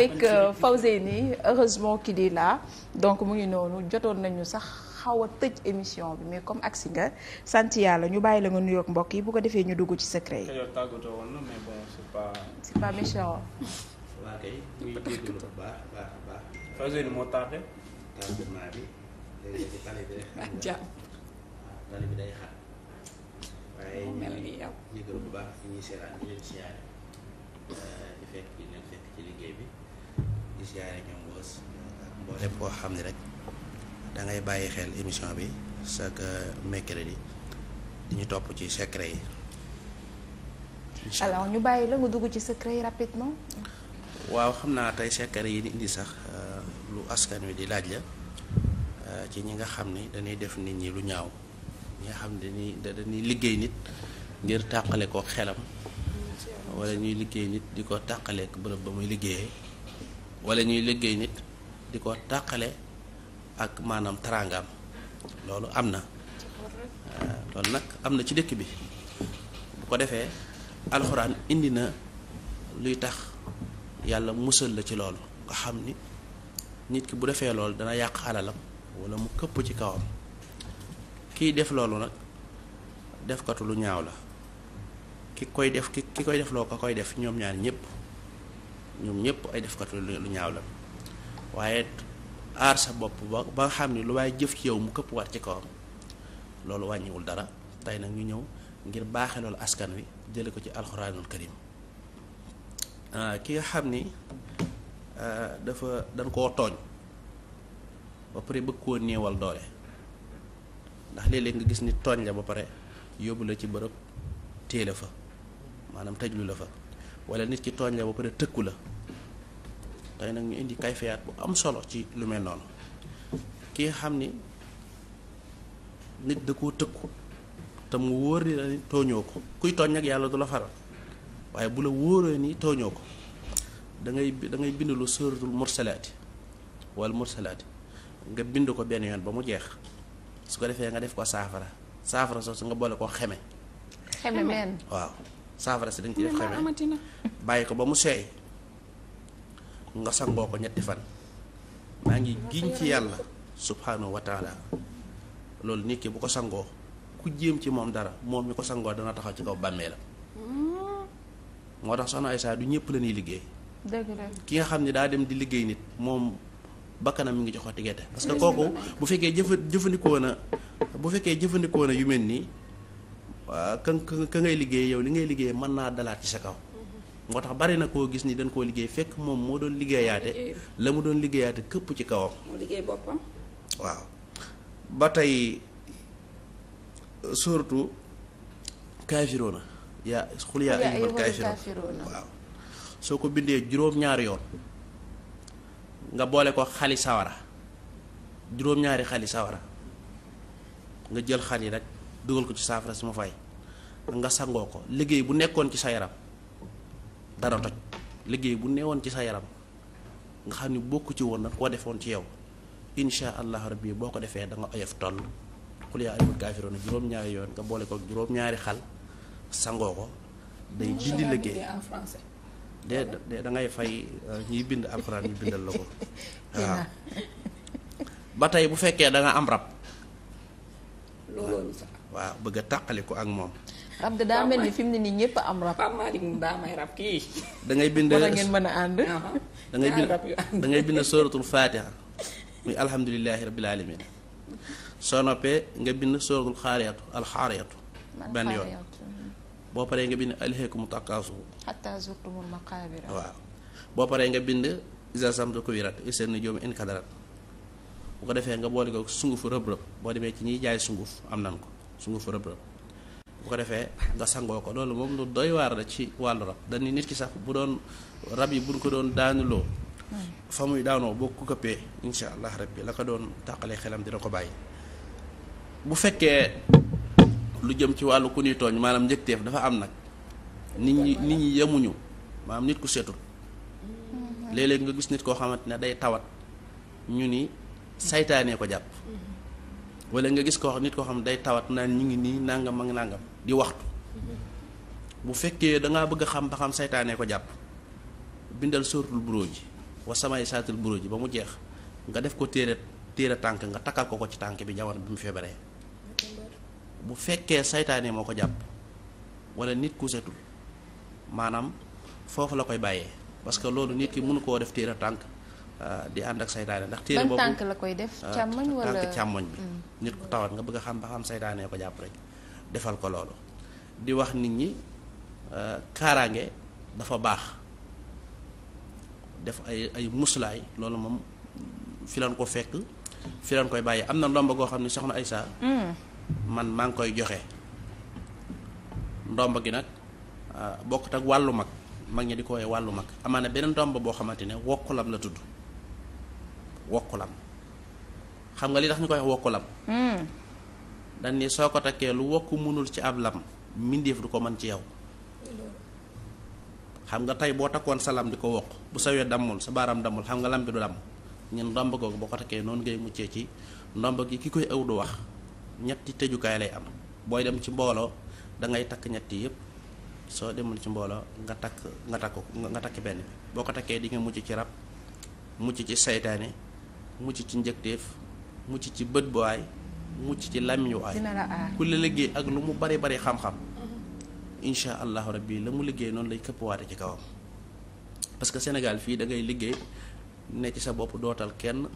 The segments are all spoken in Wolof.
avec euh, Fawzeyni heureusement qu'il di laa donc mu ngi noonu jotoon nañu sax xaw a tëj émission bi mais comme agsi nga sant yàlla ñu bàyyi la nga nuyoog mbokk yi bu ko defee ñu dugg ci secret yi. c'est pas méchant. a moo tardé. tardé naa bi léegi liggéey bi. di siyaare ñoom koo xam ne rek da ngay bàyyi xel émission bi chaque euh, mercredi di ñu topp ci secret yi. alors ñu bàyyi la nga dugg ci secret yi waaw xam naa tey secret yi di indi sax euh, lu askan wi di laaj la euh, ci ñi nga xam ni dañuy def nit ñi lu ñaaw ñi nga xam dañuy dañuy liggéey nit ngir tàqale ko xelam. wala ñuy liggéey nit di ko tàqaleek bërëb ba muy liggéeyee. wala ñuy liggéey nit di ko tàqale ak maanaam taraangaam loolu am na euh, loolu nag am na ci dëkk bi bu ko defee alxuraan indi na luy tax yàlla musal la ci loolu nga xam ni nit ki bu defee loolu dana yàq alalam wala mu këpp ci kawam kiy def loolu nag defkatu lu ñaaw la ki koy def ki ki koy defloo ko koy def ñoom ñaar ñëpp ñoom ñëpp ay def defkat lu ñaaw la waaye aar sa bopp ba ba nga xam ni lu waay jëf ci yow mu këpp war ci kawam loolu wàññiwul dara tey nag ñu ñëw ngir baaxe loolu askan wi jële ko ci alxuraanul karim ah, ki nga xam ni ah, dafa dañ koo tooñ ba pare bëgg koo néewal doole ndax léeg-léeg nga gis ni tooñ la ba pare yóbbu la ci bërëb téele fa maanaam tëjlu la fa wala nit ki tooñ la ba pare tëkku la tey nag ñu indi kayfiyaat bu am solo ci lu mel noonu ki nga xam ni nit da koo tëkku te mu wóor ni la ni tooñoo ko kuy tooñ nag yàlla du la faral waaye bu la wóoree ni tooñoo ko dangay ngay bind lu suratul mursalaati wal mursalaati nga bind ko benn yoon ba mu jeex su ko defee nga def ko saafara saafara soo su nga boole koo xeme xeme waaw saafara si dañ ci def xamee bàyyi ko ba mu seey nga sangoo ko ñetti fan maa ngi giñ ci yàlla subhanahu wa taala loolu nit ki bu ko sangoo ku jéem ci moom dara moom mi ko sangoo dana taxaw ci kaw la mm. moo tax soxna Aïssa du ñëpp la ñuy liggéey dëgg ki nga xam ne daa dem di liggéey nit moom bakkanam mu ngi jox ko tigete parce que kooku bu fekkee jëfa jëfandikoo na bu fekkee jëfandikoo na yu mel nii Euh, ka ka ngay liggéey yow li ngay liggéey mën naa dalaat ci sa kaw. moo tax bari na koo gis ni dañ koo liggéey fekk moom moo doon liggéeyaate la mu doon liggéeyaate këpp ci kawam. waaw ba tey surtout kaafiroona na xul waaw soo ko bindee juróom-ñaari yoon nga boole ko xali sawara juróom-ñaari xali sawara nga jël xal yi rek dugal ko ci saafara si fay nga sangoo ko liggéey bu nekkoon ci sa yaram dana toj liggéey bu neewoon ci sa yaram nga xam ni bokk ci woon nag koo defoon ci yow insha allah rabbi boo ko defee da nga oyof toll xul yaa ayyuhal juróom-ñaari yoon nga boole ko juróom-ñaari xal sangoo ko day dindi liggéey de de da ngay fay euh, ñuy bind alxuraan ñu bindal la ko ba tey bu fekkee da am rab. waaw bëgg a tàqali ko ak moom. rab ga daa mel ni fi ne nii ñëpp am rab. Pape Malick daa da ngay bind wala ngeen da ngay da ngay bind sooratul faatiha muy alhamdulilahi rabbil alamin soo noppee nga bind sooratul xaariyatu alxaariyatu benn yoon boo paree nga bind alheekumu taqaasu xataa zurtumul maqaabira waaw boo paree nga bind isa samtu kuwirat iseen ni joom inkadarat bu ko defee nga boole ko sungufu rëb-rëb boo demee ci ñiy jaay sunguf am nan ko sunguf rëb rëb bu ko defee nga sangoo ko loolu moom lu doy waar la ci wàllu rab dañuy nit ki sax bu doon rab yi buñ ko doon daanuloo hmm. fa muy daanoo boo ko këppee insha allah rabbi la ko doon tàqalee xelam dina ko bàyyi bu fekkee lu jëm ci wàllu ku ñuy tooñ maanaam njëkteef dafa am nag nit ñi nit ñi yemuñu maanaam nit ku setul hmm. léeg-léeg nga gis nit koo xamante ne day tawat ñu ni saytaanee ko jàpp hmm. wala nga gis ko xam nit koo xam day tawat naan ñu ngi nii nangam ak nangam di waxtu bu fekkee dangaa bëgg a xam ba xam saytaane ko jàpp bindal sóoratul buruuj wa samaa'i saatil buruuj ba mu jeex nga def ko téere téere tànk nga takkal ko ko ci tànk bi jamono bi mu feebaree bu fekkee saytaane moo ko jàpp wala nit ku setul maanaam foofu la koy bàyyee parce que loolu nit ki mënu koo def téere tànk Euh, di ànd ak saytaane ndax. téere boo ban la koy def euh, càmmoñ wala bi. Mm. nit ko tawat nga bëgg a xam ba xam saytaane ko jàpp rek defal ko loolu. di wax nit ñi euh, kaaraange dafa baax def ay ay muslaay loolu moom fi ko fekk fi koy bàyyi am na ndomba goo xam ne soxna Aïssa. Mm. man maa ngi koy joxe. ndomba gi nag bokkut ak wàllu mag mag ñi di ko wàllu mag amaana beneen ndomba boo xamante ne wokkulam la tudd. am xam nga li tax ñu koy wax wokkulam hmm. dañ ni soo ko takkee lu wokk mënul ci ab lam mbindeef du ko man ci yow xam nga tey boo takkoon sa lam di ko wokk bu sawee dammul sa baaraam dammul xam nga lam bi du lam ñun ndomb googu boo ko takkee noonu ngay muccee ci ndomb gi ki koy ëw du wax ñetti tëjukaay lay am booy dem ci mbooloo dangay takk ñetti yëpp soo demul ci mbooloo nga takk nga takk nga takk benn bi boo ko takkee di nga mucc ci rab mucc ci seytaane mucc ci njëkteef mucc ci bët bu aay mucc ci làmmiñ waay ku la liggéey ak lu mu bari bare xam-xam insha allahu rabbi la mu liggéey noonu lay këpp waate ci kawam parce que Sénégal fii da ngay liggéey ne ci sa bopp dootal kenn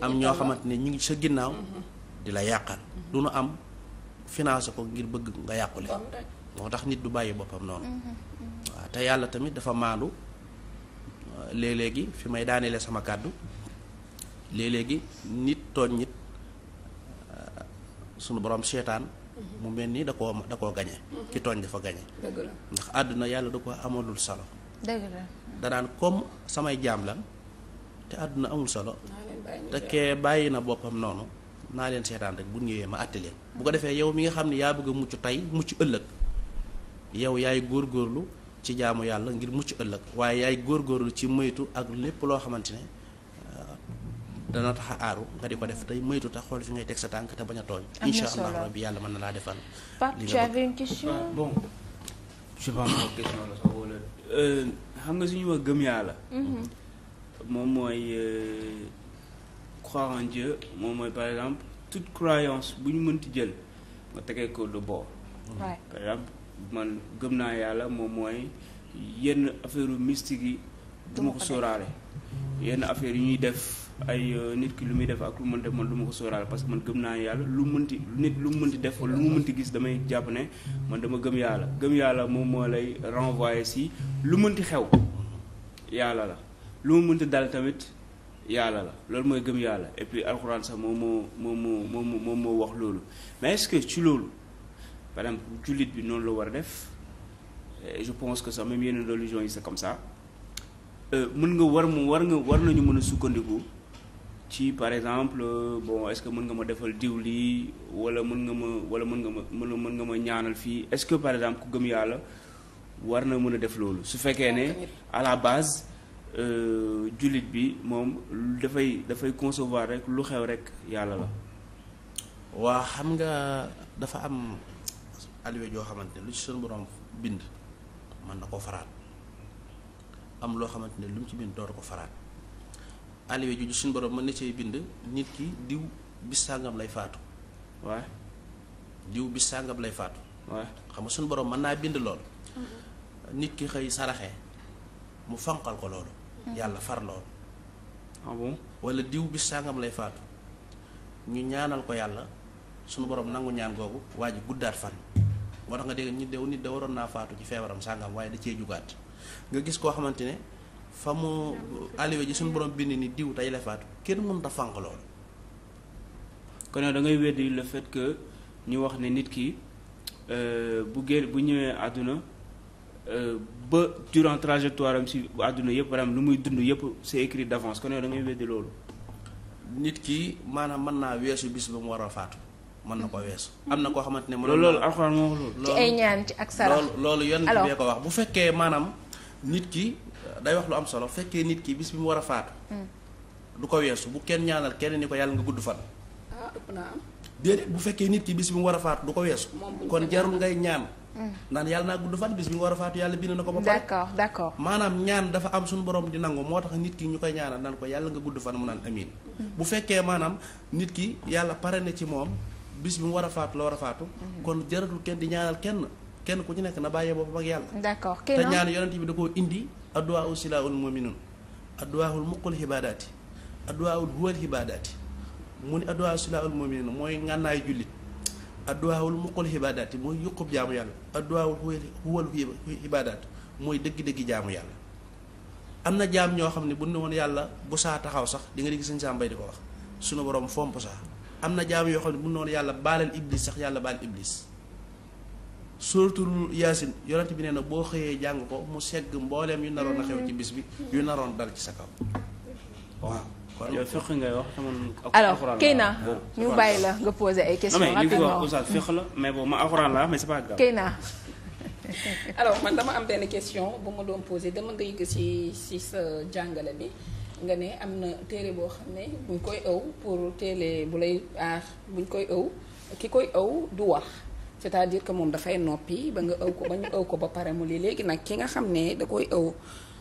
am ñoo xamante ne ñu ngi sa ginnaaw di la yàqal lu nu am financé ko ngir bëgg nga yàqule moo tax nit du bàyyi boppam noonu mhm. waaw te yàlla tamit dafa maandu euh, léeg-léegi fi may daaneele sama kàddu léeg-léegi nit tooñ nit euh, sunu borom seetaan mhm. mu mel nii da koo da koo gañe mhm. ki tooñ dafa gañe ndax àdduna yàlla du ko amalul solo dëgg la danaan comme samay jaam lan te àdduna amul solo te kee bàyyi na boppam noonu naa leen seetaan rek bu ñëwee ma àtte leen bu ko defee yow mi nga xam ne yaa bëgg a mucc tey mucc ëllëg yow yaay góor góorlu ci jaamu yàlla ngir mucc ëllëg waaye yaay góor góorgóorlu ci moytu ak lépp loo xamante ne dana tax aaru nga di ko def tey moytu tax xool fi ngay teg sa tànk te bañ a tooñ. am na solo incha yàlla mën na laa defal. Pape tu avais une question. Ah, bon la sax wala euh, xam nga suñu wax gëm yàlla. Mhm. moom mooy euh, croire en moom mooy par exemple toute croyance bu ñu mënti jël nga tegee ko de bord. par exemple man gëm naa yàlla moom mooy yenn affaire mystique yi. du ko sóoraale yenn affaire yi ñuy def. ay euh, nit ki lu muy def ak lu mën def man lu ma ko sóoraal parce que man gëm naa yàlla lu mënti nit lu mu mënti def lu mu mënti gis damay jàpp ne man dama gëm yàlla gëm yàlla moom moo lay renvoyer si lu mënti xew yàlla la lu mu mënti dal tamit yàlla la loolu mooy gëm yàlla et puis alxuraan sax moom moo moom moo moom moo wax loolu mais est-ce que ci loolu par exemple jullit bi noonu la war a def je pense que sax même yeneen yi c'est comme ça euh, mën nga war mu war nga war nañu mën a sukkandiku ci par exemple euh, bon est-ce que mën nga ma defal diw lii wala mën nga ma wala mën nga ma mën nga ma ñaanal fii est-ce que par exemple ku gëm yàlla war na mën a def loolu su fekkee ne à la base euh, jullit bi moom dafay dafay concevoir rek lu xew rek yàlla la waa xam nga dafa am aliwe joo xamante ne lu ci seen borom bind mën na koo faraat am loo xamante ne lu mu ci bind dootu ko faraat aliwe juju suñu borom mën na cee bind nit ki diw bis sàngam lay faatu. waaw diw bis sàngam lay faatu. waaw xam nga suñu boroom mën naa bind lool. Mm-hmm. nit ki xëy saraxee mu fanqal ko loolu. Mm-hmm. yàlla far loolu. ah wala diw bis sàngam lay faatu ñu ñaanal ko yàlla suñu borom nangu ñaan googu waa ji guddaat fan. moo tax nga dégg ñu dew nit da waroon naa faatu ci feebaram sàngam waaye da cee jugaat nga gis koo xamante ne. fa mu aliwe ji suñu borom bind ni diw tey la faatu kenn mënut a fànq loolu. kon da ngay weddi le fait que ñu wax ne nit ki euh, bu génn bu ñëwee àdduna euh, ba durant trajectoire am si àdduna yëpp maanaam lu muy dund yëpp c'est écrit d'avance kon da ngay weddi loolu. nit ki maanaam mën naa weesu bis ba mu war a faatu mën na ko weesu. am na koo xamante ne moom loolu alxuraan moo ak sarax loolu loolu yoon bi ko wax bu fekkee maanaam nit ki. day wax lu am solo fekkee nit ki bis bi mu war a faatu. Hmm. du ko weesu bu kenn ñaanal kenn ni ko yàlla nga gudd fan. ah ëpp naa bu fekkee nit ki bis bi mu war a faatu du ko weesu. kon jarul ngay ñaan. Hmm. naan yàlla naa gudd fan bis bi war a faatu yàlla bind na ko ba pare. d'accord d'accord maanaam ñaan dafa am suñu borom di nangu moo tax nit ki ñu koy ñaanal naan ko yàlla nga gudd fan mu naan amiin. Hmm. bu fekkee maanaam nit ki yàlla pare na ci moom bis bi mu war a faatu la war kon jaratul kenn di ñaanal kenn. kenn ku ci nekk na bàyyee boppam ak yàlla. d'accord te ñaan yonent bi da koo indi. adduwaa u silaahul muminun adduwaahul muqul xibaadaati adduwaahul huwal xibaadaati mu ni adduwaa u silaahul muminun mooy ngànnaay jullit adduwaahul jaamu yàlla adduwaahul huwal xibaadaat mooy dëgg-dëgg jaamu yàlla. am na jaam ñoo xam ne bu ne woon yàlla bu saa taxaw sax di nga di gis sëñ Sàmbay di ko wax sunu borom fomp sax am na jaam yoo xam ne bu ne woon yàlla baalal iblis sax yàlla baal iblis. suuratul yaasin yonent bi nee na boo xëyee jàng ko mu segg mbooleem yu naroon a xew ci bis bi yu naroon dal ci sa kaw waaw. kon yow fiq ngay wax te man. alors Keyna ñu bàyyi la nga poser ay questions. rapidement non mais li nga wax oustaz fiq la mais man dama am benn question bu ma doon poser dama nga yëg si si sa jàngale bi nga ne am na téere boo xam ne buñ koy ëw pour téere bu lay aar buñ koy ëw ki koy ëw du wax. cest à que moom dafay noppi ba nga ëw ko ba ñu ëw ko ba pare mu lii léegi nag ki nga xam ne da koy ëw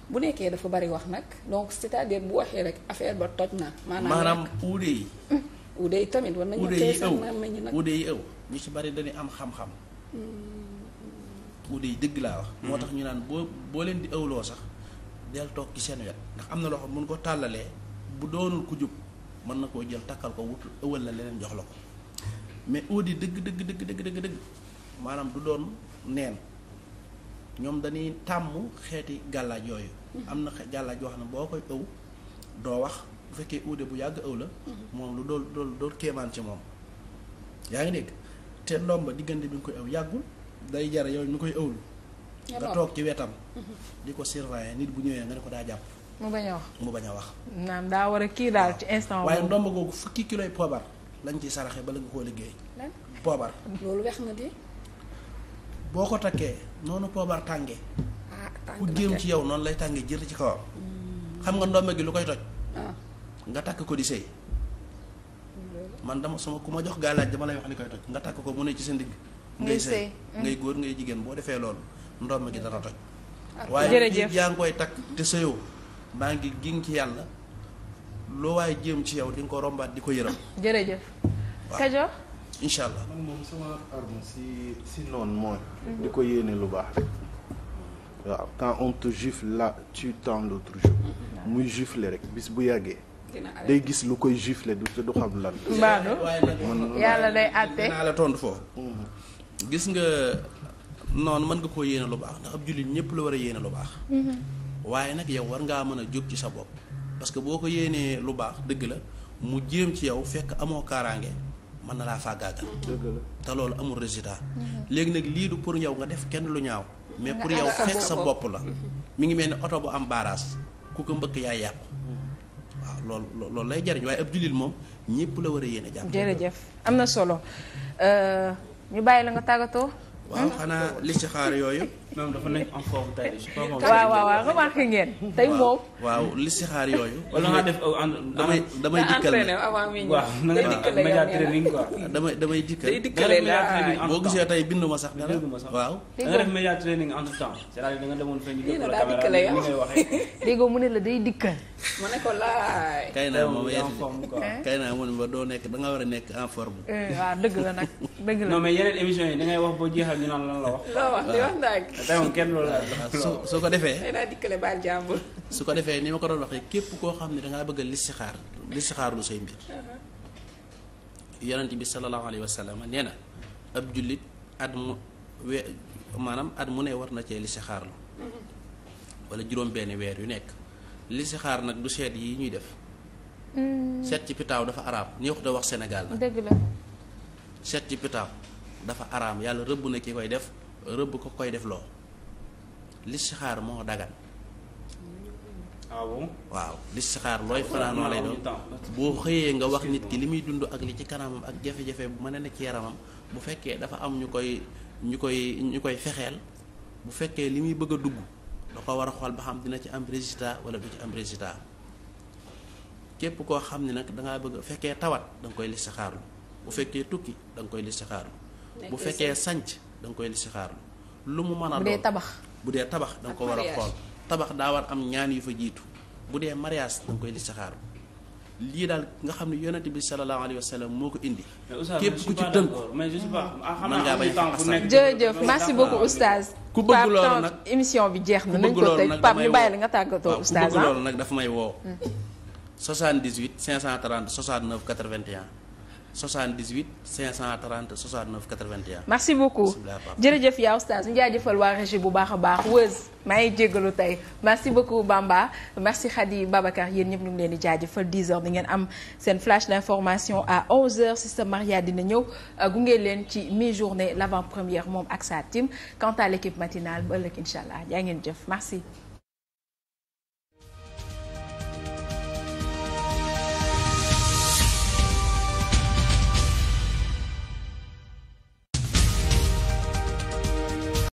bu nekkee dafa bari wax nag donc cest à bu waxee rek affaire ba toj na. maanaam uude yi. uude yi tamit war nañu. uude yi ëw uude yi ëw ñu bari dañuy am xam-xam. Hmm. dëgg laa wax. moo hmm. tax ñu naan boo boo leen di ëwloo sax del toog ci seen wet ndax am na loxo mun ko tàllalee bu doonul ku jub mën na koo jël takkal ko wut ëwal la leneen jox la ko. mais audit dëgg dëgg dëgg dëgg dëgg dëgg maanaam du doon neen ñoom dañuy tàmm xeeti gàllaaj yooyu am na gàllaaj yoo xam ne boo koy ëw doo wax bu fekkee uude bu yàgg ëw la moom lu dool dool dool kéemaan ci moom yaa ngi dégg te ndomba diggante bi nga koy ëw yàggul day jara yooyu ñu koy ëwlu nga toog ci wetam mhm. di ko surveiller nit bu ñëwee nga ne ko daa jàpp mu bañ a wax mu bañ a wax naam daa war a kii daal ci instant waaye ndomba googu fukki kiloy poobar lañ ciy saraxe bala nga koo liggéey. lan poobar. loolu boo ko takkee noonu poobar tànge ah, ku géem ci yow noonu lay tàngee jër ci kawam. Hmm. xam nga ndomme gi lu koy toj. Ah. nga takk ko di sëy. man dama sama ku ma jox gaalaaj dama lay wax li koy toj nga takk ko mu ne ci sa ndigg ngay sëy hmm. ngay góor ngay jigéen boo defee loolu ndomme gi dana toj. Ah. waaye yaa ngi koy takk te sëyoo maa ngi giñ ci yàlla. loo waaye jéem ci yow di ko rombaat di ko yëram. jërëjëf. waaw Kajoor. incha allah man moom sama arme si si noonu mooy. di ko yéene lu baax rek. waaw quand on te gifle là tu tends l'autre joue. muy gifle rek bis bu yàggee. day gis lu koy gifle du te du xam lan. mbaadu yàlla day àtte dinaa la tontu foofu. Mm-hmm. gis nga noon mën nga koo yéene lu baax ndax ab jullit ñëpp la war a yéene lu baax. Mm-hmm. waaye nag yow war ngaa mën a jóg ci sa bopp. parce que boo ko yéenee lu baax dëgg la mu jéem ci yow fekk amoo kaaraange mën na laa faagaagal. dëgg te loolu amul résultat. Mhm. léegi nag lii du pour yow nga def kenn lu ñaaw. mais pour yow xeex sa bopp la. Mhm. mi ngi mel ni oto bu am baaraas ku ko mbëkk yaay yàqu. Mhm. waaw loolu loolu lay jariñ waaye ab jullit moom ñëpp la war a yéene jàpp. jërëjëf am na solo euh, ñu bàyyi la nga tàggatoo. waaw hmm? xanaa li ci xaar yooyu. même dafa nekk en forme tey je crois moom. waaw waaw waaw remarqué ngeen. tey moom waaw listixaar yooyu. wala nga def euh, damay damay dikkal avant mi waaw na nga dikkal média training quoi. damay damay dikkal. day dikkalee daal ah, boo gisee tey bindu ma sax dara. waaw da nga def média training entre temps. c'est-à-dire da nga demoon fii ñu def la caméra ni ngay waxee. dégg mu ne la day dikkal. ma ko laay. naa moom en forme quoi ba eh? doo nekk da nga war a nekk en forme. Eh, waaw dëgg la nag dëgg la. non mais yeneen émission yi da ngay wax boo jeexal ñu naan lan la wax. loo wax li wax nag. dayoo kenn loolu su su ko defee. xëy naa dikkale baal jàmbur. su ko defee ni ma ko doon waxee képp koo xam ne dangaa bëgg a listixaar listixaar lu say mbir. Uh-huh. yonent bi sallallahu alayhi wa sallam nee na ab jullit at mu we maanaam at mu ne war na cee listixaar lu uh-huh. wala juróom-benn weer yu nekk listixaar nag du seet yi ñuy def. Hmm. seet ci pitaaw dafa araam neexut a wax Sénégal nag. la seet ci pitaaw dafa araam yàlla rëbb na ki koy def rëbb ko koy def loo. listixaar moo dagan ah bon waaw listixaar looy ah, fanaanoo lay doon boo xëyee nga wax nit ki li muy dund ak li ci kanamam ak jafe-jafe bu mën a ne ci yaramam bu fekkee dafa am ñu koy ñu koy ñu koy fexeel bu fekkee li muy bëgg a dugg da ko war a xool ba xam dina ci am résultat wala du ci am résultat képp koo xam ne nag dangaa bëgg fekkee tawat danga nga koy listixaarlu bu fekkee tukki da nga koy listixaarlu bu fekkee sanc da koy listixaarlu lu mu mën a doon tabax bu dee tabax da nga ko war a xool tabax daa war am ñaan yu fa jiitu bu dee mariage da nga koy listixaaru lii daal nga xam ne yonent bi sallallahu alayhi wa sallam moo ko indi. képp ku ci tënku mais je suis pas ah, mën ngaa bañ a jërëjëf merci beaucoup oustaz. ku bëgg loolu nag émission bi jeex na. nañ ko tey Pape ñu bàyyi li nga tàggatoo oustaz ku bëgg ah. loolu nag daf may woo. 78 530 69 81. 78 530 69 81. merci beaucoup jërëjëf yaa oustaz ñu jaajëfal waa régie bu baax a baax wëz maa ngi jéggalu tey merci beaucoup Bamba merci Khady Babacar yéen ñëpp ñu ngi leen di jaajëfal 10h di ngeen am seen flash d'information à 11h Maria dina ñëw euh, gunge leen ci mi-journée l'avant-première moom ak sa team quant à l'équipe matinale ba ëllëg incha allah jaa ngeen jëf merci.